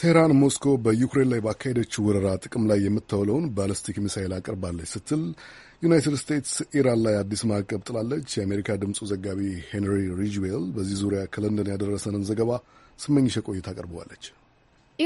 ቴህራን ሞስኮ በዩክሬን ላይ ባካሄደችው ወረራ ጥቅም ላይ የምታውለውን ባለስቲክ ሚሳይል አቅርባለች ስትል ዩናይትድ ስቴትስ ኢራን ላይ አዲስ ማዕቀብ ጥላለች። የአሜሪካ ድምፁ ዘጋቢ ሄንሪ ሪጅዌል በዚህ ዙሪያ ከለንደን ያደረሰንን ዘገባ ስመኝሸ ቆይታ አቀርበዋለች።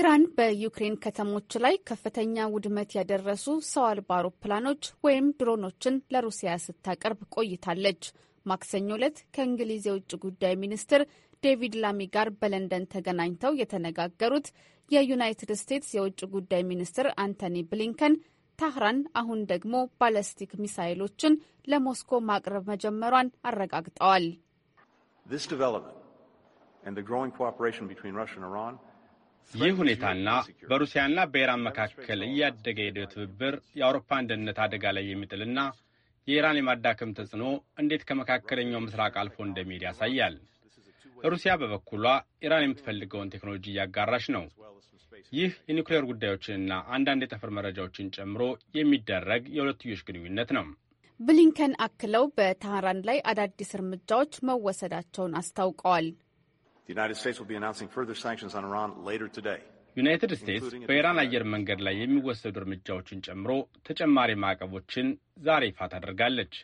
ኢራን በዩክሬን ከተሞች ላይ ከፍተኛ ውድመት ያደረሱ ሰው አልባ አውሮፕላኖች ወይም ድሮኖችን ለሩሲያ ስታቀርብ ቆይታለች። ማክሰኞ ዕለት ከእንግሊዝ የውጭ ጉዳይ ሚኒስትር ዴቪድ ላሚ ጋር በለንደን ተገናኝተው የተነጋገሩት የዩናይትድ ስቴትስ የውጭ ጉዳይ ሚኒስትር አንቶኒ ብሊንከን ታህራን አሁን ደግሞ ባለስቲክ ሚሳይሎችን ለሞስኮ ማቅረብ መጀመሯን አረጋግጠዋል። ይህ ሁኔታና በሩሲያና በኢራን መካከል እያደገ የሄደው ትብብር የአውሮፓን አንድነት አደጋ ላይ የሚጥልና የኢራን የማዳከም ተጽዕኖ እንዴት ከመካከለኛው ምስራቅ አልፎ እንደሚሄድ ያሳያል። ሩሲያ በበኩሏ ኢራን የምትፈልገውን ቴክኖሎጂ እያጋራች ነው። ይህ የኒውክሌር ጉዳዮችንና አንዳንድ የጠፈር መረጃዎችን ጨምሮ የሚደረግ የሁለትዮሽ ግንኙነት ነው። ብሊንከን አክለው በተህራን ላይ አዳዲስ እርምጃዎች መወሰዳቸውን አስታውቀዋል። ዩናይትድ ስቴትስ በኢራን አየር መንገድ ላይ የሚወሰዱ እርምጃዎችን ጨምሮ ተጨማሪ ማዕቀቦችን ዛሬ ይፋ ታደርጋለች።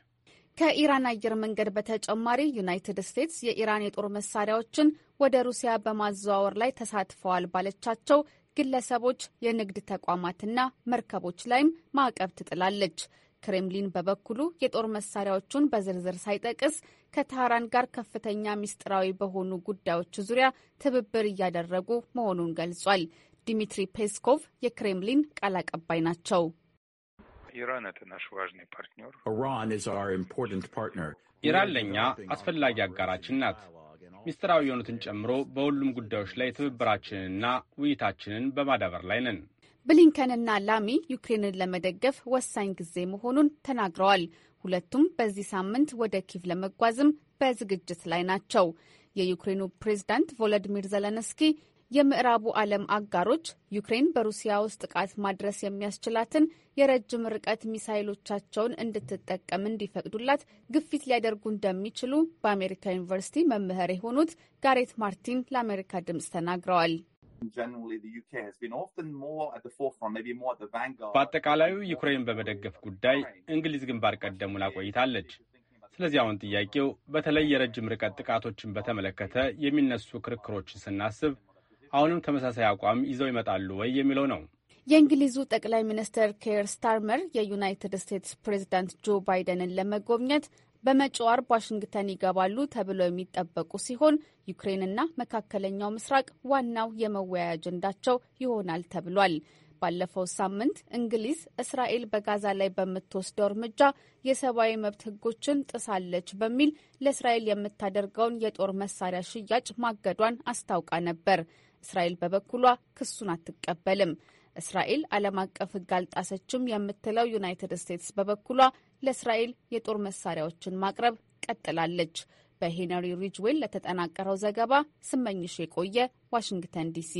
ከኢራን አየር መንገድ በተጨማሪ ዩናይትድ ስቴትስ የኢራን የጦር መሳሪያዎችን ወደ ሩሲያ በማዘዋወር ላይ ተሳትፈዋል ባለቻቸው ግለሰቦች፣ የንግድ ተቋማትና መርከቦች ላይም ማዕቀብ ትጥላለች። ክሬምሊን በበኩሉ የጦር መሳሪያዎቹን በዝርዝር ሳይጠቅስ ከትህራን ጋር ከፍተኛ ምስጢራዊ በሆኑ ጉዳዮች ዙሪያ ትብብር እያደረጉ መሆኑን ገልጿል። ዲሚትሪ ፔስኮቭ የክሬምሊን ቃል አቀባይ ናቸው። ኢራን ለእኛ አስፈላጊ አጋራችን ናት። ምስጢራዊ የሆኑትን ጨምሮ በሁሉም ጉዳዮች ላይ ትብብራችንንና ውይይታችንን በማዳበር ላይ ነን። ብሊንከንና ላሚ ዩክሬንን ለመደገፍ ወሳኝ ጊዜ መሆኑን ተናግረዋል። ሁለቱም በዚህ ሳምንት ወደ ኪቭ ለመጓዝም በዝግጅት ላይ ናቸው። የዩክሬኑ ፕሬዝዳንት ቮሎዲሚር ዘለንስኪ የምዕራቡ ዓለም አጋሮች ዩክሬን በሩሲያ ውስጥ ጥቃት ማድረስ የሚያስችላትን የረጅም ርቀት ሚሳይሎቻቸውን እንድትጠቀም እንዲፈቅዱላት ግፊት ሊያደርጉ እንደሚችሉ በአሜሪካ ዩኒቨርሲቲ መምህር የሆኑት ጋሬት ማርቲን ለአሜሪካ ድምፅ ተናግረዋል። በአጠቃላዩ ዩክሬን በመደገፍ ጉዳይ እንግሊዝ ግንባር ቀደም ሆና ቆይታለች። ስለዚህ አሁን ጥያቄው በተለይ የረጅም ርቀት ጥቃቶችን በተመለከተ የሚነሱ ክርክሮችን ስናስብ አሁንም ተመሳሳይ አቋም ይዘው ይመጣሉ ወይ የሚለው ነው። የእንግሊዙ ጠቅላይ ሚኒስትር ኬር ስታርመር የዩናይትድ ስቴትስ ፕሬዚዳንት ጆ ባይደንን ለመጎብኘት በመጪው አርብ ዋሽንግተን ይገባሉ ተብለው የሚጠበቁ ሲሆን ዩክሬንና መካከለኛው ምስራቅ ዋናው የመወያያ አጀንዳቸው ይሆናል ተብሏል። ባለፈው ሳምንት እንግሊዝ እስራኤል በጋዛ ላይ በምትወስደው እርምጃ የሰብአዊ መብት ሕጎችን ጥሳለች በሚል ለእስራኤል የምታደርገውን የጦር መሳሪያ ሽያጭ ማገዷን አስታውቃ ነበር። እስራኤል በበኩሏ ክሱን አትቀበልም። እስራኤል ዓለም አቀፍ ሕግ አልጣሰችም የምትለው ዩናይትድ ስቴትስ በበኩሏ ለእስራኤል የጦር መሳሪያዎችን ማቅረብ ቀጥላለች። በሄነሪ ሪጅዌል ለተጠናቀረው ዘገባ ስመኝሽ የቆየ ዋሽንግተን ዲሲ።